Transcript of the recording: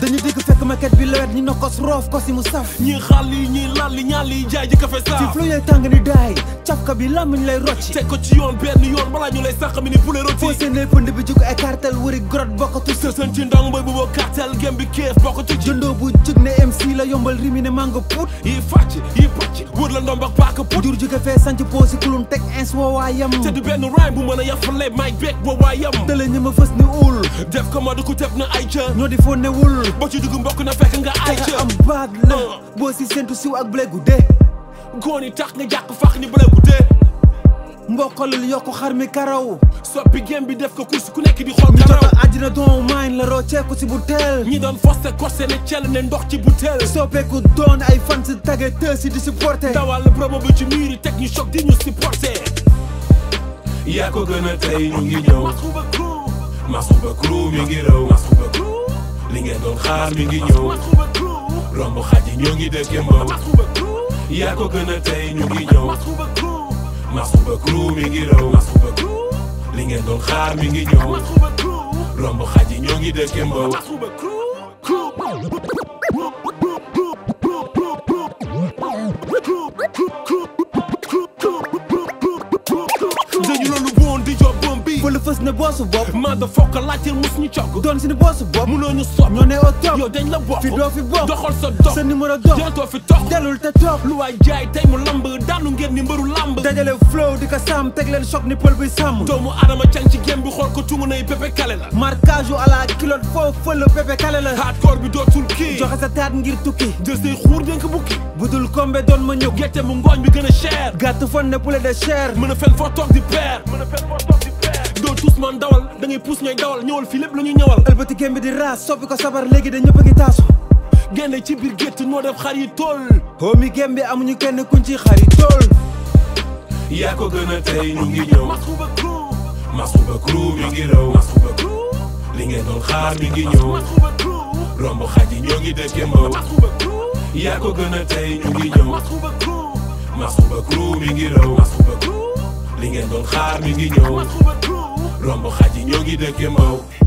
dañu dégg fekk ma ket bi lawet ñi nokkos roof ko si mu saf ñi xal yi ñi lal yi ñaal yi jaay ji kafe saaf ci flow yooyu tàng ni daay cafka bi làmmiñ lay rocci teg ko ci yoon benn yoon balaa ñu lay sàq mi ni poulet rôti foo seen lay pënd bi jug ay cartel wëri grot bokk tu ci ndong mbay bu boo gem bi kéef bokk la yombal rimi ne mango put yi fàcc yi la ndombak paaka put jur jóge fee sanc poosi kulum teg ins woo waayam te du benn rhyme bu mën a yafale mic beeg boo waayam dale ñi ma fës ni ul ñoo di foo newul boo ci dugg mbokk na fekk nga ay ca am baag la uh. boo si séntu siw ak blé gu dee góor ñi nga jàq fax ni blé gu dee mbokkalul yokk xar mi karaw soppi gém bi def ko kursi ku nekk di xool karaw doon maañ la rocceeku ci butéel ñi doon foste kosé ne cel ndox ci butéel soppeeku doon ay fan si tage tësi di supporté dawal promo bi ci miiri teg ñu di ñu supporté yaa ko gën a tey ñu ngi ñëw Masrouba Crew li ngeen doon xaar mi ngi ñëw romb xaj ñoo ngi dëkke mbaw yaa ko gën a tey ñu ngi ñëw Massouba kru, mi ngi raw kru, ngeen doon xaar mi ngi ñëw romb xaj ñoo ngi dëkke mbaw dañu loolu woon di job fële fës ne boosu bopp maa da fokk laajte mus ñu cogg doon si ne boosu bopp munoo ñu sopp ñoo ne au top yow dañ la bopp fi doo fi bopp doxal sa dox sa numéro dox dootoo fi tox delul te toog lu waay jaay tey mu lamb daanu ngeen ni mbëru lamb dajale flow di ko sàmm teg leen choc ni pël bi sàmm doomu adama cang ci gém bi xool ko tungu nay pépé kale la marquage à la culotte foofu fële pépé kale la hardcore bi dootul kii joxe sa taat ngir tukki jël say xuur dénk bukki budul kombe doon ma ñëw gerte mu ngooñ bi gën a cher gàtt fon ne poulet de chair mën a fel foo toog di peer mën a fel foo toog Ousmane dawal da ngay puus ñooy dawal fii lépp ñuy ñëwal ëlbati gémbi di raas soppi ko sabar da ñëpp a ci biir gétt noo def xar yi tool hoomi gémbi amuñu kenn kuñ ñu ngi ñëw Masrouba Crew Masrouba Crew mi ngi raw Masrouba Crew li ngeen doon xaar mi ngi ñëw Masrouba Crew romb xaj yi ñoo ngi dëkke mbaw Masrouba Crew yaa ko gën a li ngeen doon xaar mi ngi ñëw romb xaj yi ñoo ngi